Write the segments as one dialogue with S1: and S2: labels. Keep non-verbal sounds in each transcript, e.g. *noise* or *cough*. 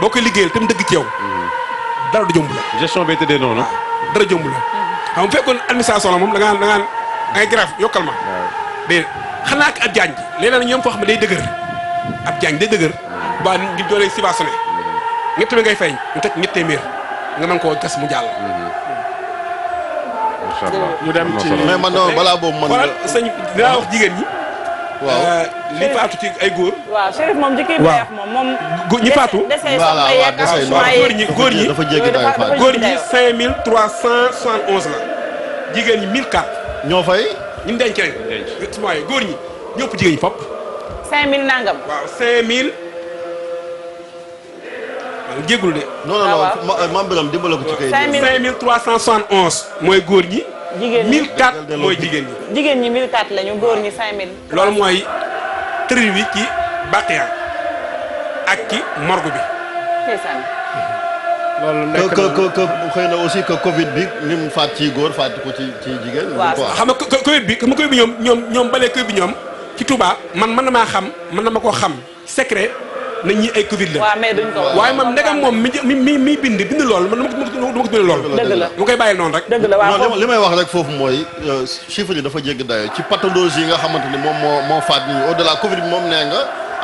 S1: boo koy liggéeyal tam dëgg ci yow. dara du jomb la. gestion bee tëddee noonu. Ah, dara jomb la. xam ah, nga bu fekkoon administration la moom da ngaa da ngaa ay grave yokkal ma. waaw ah. xanaa ak ab jaañ léeg-léeg ñoom foo xam day dëgër ab jaañ day dëgër. waaw di doole subventionné. Mm-hmm. ñett bi ngay fay ñu teg ñett téeméer nga mën koo gas mu jàll. incha mm-hmm. mm-hmm. allah ñu dem ci mais man balaa boobu man. sëñ wax jigéen ñi.
S2: waaw li euh, faatu ci ay góor. waaw Chérif moom jëkkër bi moom moom. góor ñi faatu. voilà góor ñi góor ñi dafa jéggi dafa jéggi dafa góor ñi
S1: 5371 la. jigéen ñi 1004. ñoo fay. ñu ngi denc rek. góor ñi ñëpp jigéen ñi fop.
S2: 5000 nangam. waaw
S1: 5000. jéggul de. non non non ah, maam euh, Birame dimbale mooy góor ñi. jigéen ñi 1004 mooy jigéen ñi.
S2: jigéen ñi 1004 lañu góor ñi 5000.
S1: loolu mooy tri bi ci Baqiya ak ci morgue
S2: bi. ndeysaan.
S3: loolu nekk na que xëy na aussi que Covid bi ni mu faat ci góor faat ko ci ci jigéen. waaw xam
S1: nga Covid bi xam nga Covid bi ñoom ñoom ñoom balee Covid bi ñoom ci Touba man mën na maa xam mën na ma koo xam secret. nañ ñi ay Covid la. waaye man ndegam moom mi mi mi bind bind lool man lool. koy bàyyi noonu
S3: rek. dëgg li may wax rek foofu mooy euh, chiffre yi dafa jégg dayo ci pathologie yi nga xamante ni moom moo moo faat nit ñi au delà Covid bi moom nee nga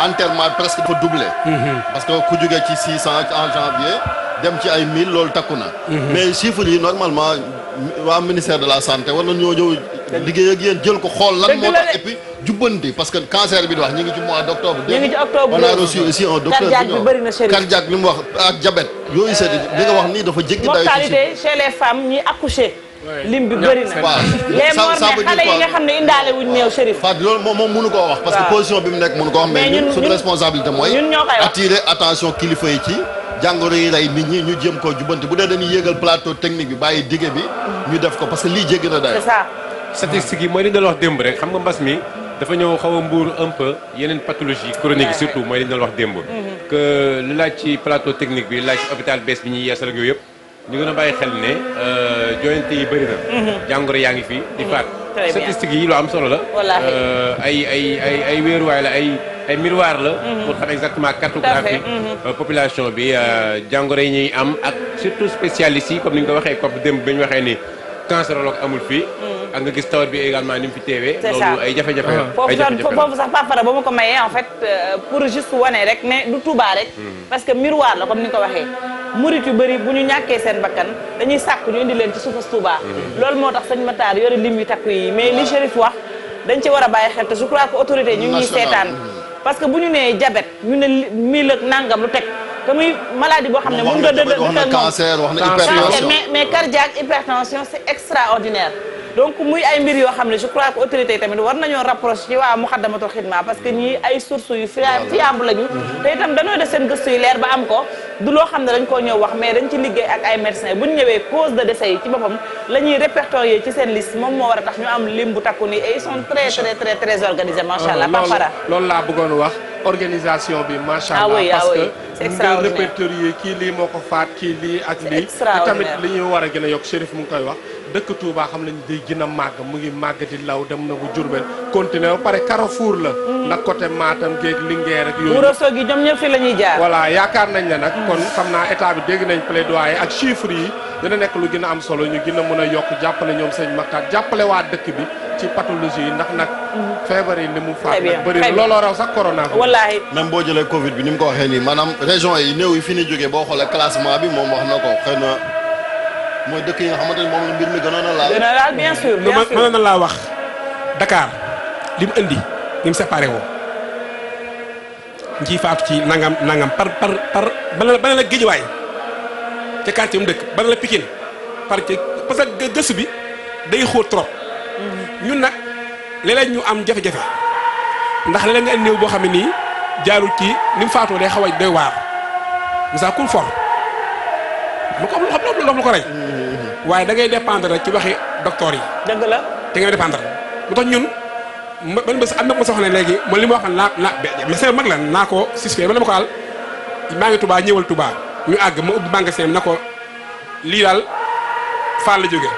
S3: enterrement presque dafa doublé. Mm-hmm. parce que ku jógee ci 600 en janvier. dem ci ay mil lool takku na. Mm-hmm. mais chiffre yi normalement waa ministère de la santé war na ñoo ñëw liggéey ak yéen jël ko xool lan moo tax et jubbanti parce que cancer bi di wax ñu ngi ci mois d' octobre. ñu bi mu wax ak yooyu c' est nga wax nii dafa jéggi dayo mortalité
S2: chez les femmes ñi accouché. lim
S3: bi bëri na waaw les morts mais nga xam ne indaale wuñ néew Chérif moom moom mënu koo wax parce que position bi mu nekk mënu ko wax mais ñun suñu responsabilité mooy attirer attention kilifa yi ci jàngoro yi rey nit ñu jëm koo jubanti bu dee dañuy yéegal plateau technique bi bàyyi dige bi
S2: ñu
S1: def ko parce que lii jéggi na dayo statistiques yi mooy di ñu doon wax démb rek xam nga mbas mi dafa ñëw xaw a mbuur un peu yeneen pathologie chronique surtout mooy li ñu doon wax démb mm-hmm. que lu laaj ci plateau technique bi laaj ci hôpital bees bi ñuy yeesal ak yooyu yëpp ñu gën a bàyyi xel ne euh, joyante yi bëri na mm-hmm. jàngoro yaa ngi fii di faat mm-hmm. statistiques yi am solo la euh, ay ay ay ay wéeruwaay la ay ay miroir la pour xam exactement cartographie euh, population bi jàngoro yi ñuy am ak surtout spécialistes yi comme ni nga ko waxee comme démb bi ñu waxee nii cancérologue amul fii. Mm. ak nga gis tawat bi également ni mu fi teewee. loolu ay ah. jafe-jafe la foofu sax
S2: Pafara ba ma ko mayee en fait euh, pour juste wane rek ne du Touba rek. Mm. parce que miroir la comme ni ko waxee. murit yu bëri bu ñu ñàkkee seen bakkan dañuy sàkk ñu indi leen ci suufas Touba. Mm. loolu moo tax sëñ Matar yore lim yu takku yi mais li Chérif wax dañ ci war a bàyyi xel te je crois que autorité ñu ngi seetaan. parce que bu ñu nee jabet ñu ne mille ak nangam lu teg. te muy maladie boo xam ne moom nga dëgg wax na cancer wax na hypertension mais mais cardiaque hypertension c'est extraordinaire donc muy ay mbir yoo xam ne je crois que autorité yi tamit war nañoo rapproché ci waa Muxaddamatul Xidma parce que ñii ay source yu fiable lañu mhm. te itam dañoo def seen gëstu yu leer ba am ko du loo xam ne dañ koo ñëw wax mais dañ ci liggéey ak ay médecins bu ñu ñëwee cause de décès yi ci boppam la ñuy répertorier ci seen liste moom moo war a tax ñu bu takku nii et ils sont très très très très organisés macha allah papara euh,
S1: loolu laa bi macha ah allah ah parce que c'est extraordinaire nga répertorier kii lii moo ko faat kii lii ak lii tamit li ñuy war a gën a yokk Chérif mu ngi koy wax dëkk Touba xam nañu day gën a màgg mu ngi màggati law dem na bu Jurbel continué ba pare Carrefour la mm. nag côté Matam géeg Linguère ak yooyu Ouro Sogui ñoom ñëpp fi la ñuy jaar voilà yaakaar nañ ne nag kon xam naa état bi dégg nañ plaidoyer ak chiffres yi dina nekk lu gën a am solo ñu gën a mën a yokk jàppale ñoom sëñ Maktaat jàppale waa dëkk bi ci pathologie yi ndax nag. Mhm. feebar yi li mu faat nag bëri looloo raw sax corona.
S3: wallaahi même boo jëlee Covid bi ni mu ko waxee nii maanaam région yi néew yi fi ñu jógee boo xoolee classement bi moom wax na ko xëy na mooy dëkk yi nga xamante mi gënoon a laal. gën a laal
S2: bien
S1: na laa wax Dakar li mu indi ni mu séparé woo. faatu ci nangam nangam par par par bana la bana la géejuwaay ca quartier mu dëkk bana la Pikine par parce que gëstu bi day xóot trop. ñun nag léeg ñu am jafe-jafe ndax léeg nga indi néew boo xam ne nii jaarul ci ni mu faatoo day xaw a doy waar misaal ku for mu ko xam loolu loolu ko rey waaye da ngay dépendre ci waxi docteur yi. dëgg la te ngay dépendre mu tax ñun man bés am na ma soxla léegi man li ma wax naa naa mag la naa ko suspect ma ne ma ko àll maa ngi Touba ñëwal Touba ñu àgg ma ubbi magasin na ko lii daal Fall la jóge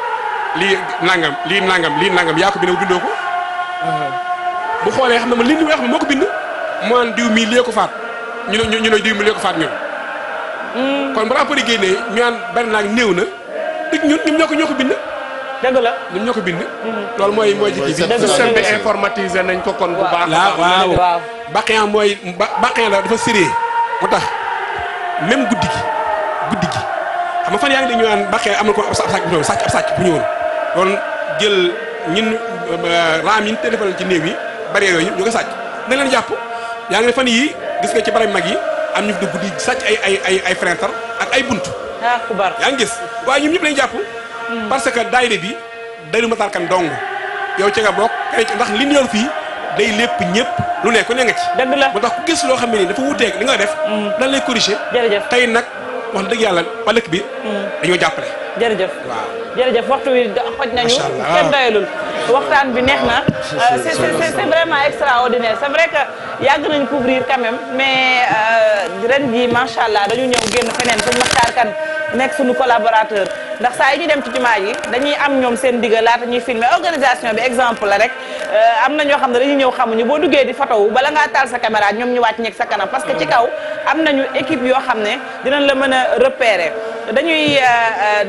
S1: lii nangam lii nangam lii nangam yaa ko bindoo bindoo ko. bu xoolee xam ne ma li ñu wax moo ko mu naan diw mii lee ko faat ñu ne ñu ne ko faat ñun. Hmm. kon bu rapport yi génnee ñu naan naa néew na te ñun ñoom ñoo bind. dëgg la ñun bind. Hmm. loolu mooy mooy jikki bi système ko kon mooy ba baqin la dafa séré mu tax même guddi gi guddi gi xam nga fan yaa ngi ne ñu naan baqin am na ko ab sàcc bu ñëwoon bu ñëwoon. kon jël ñun euh, raam yi ñu téléphone ci néew yi bari yooyu ñu ko sàcc na leen jàpp yaa ngi ne fan yii gis nga ci barab mag yi am ñu fi dugg di sàcc ay ay ay ay ak ay bunt ah, yaa ngi gis waaye ñun ñëpp lañu jàpp hmm. parce que daayira bi dayru Matar Kane dong yow ci nga bokk ndax li ñu yor fii day lépp ñëpp lu ne ku ne nga ci dëgg la moo tax ku gis loo xam ne nii dafa wuuteeg li nga def hmm. dan lay corriger tey nag wax dëgg yàlla waa dëkk bi. Hmm. dañoo jàppale. jërëjëf waaw
S2: jërëjëf waxtu wi xoj nañu. macha allah kenn bi neex na. *laughs* Euh, c'est c'est yàgg nañ couvrir quand même mais euh, ren jii macha allah dañu ñëw génn feneen sëñ Maxtaar Kan nekk suñu collaborateur ndax saa yi ñu dem ci jumaa yi dañuy am ñoom seen digal laata ñuy filmer organisation bi exemple la rek euh, am na ñoo xam ne dañuy ñëw xamuñu boo duggee di photo wu bala ngaa taal sa caméra ñoom ñu wàcc ñeeg sa kanam parce que ci kaw am na nañu équipe yoo xam ne dinañ la mën a repérer dañuy euh,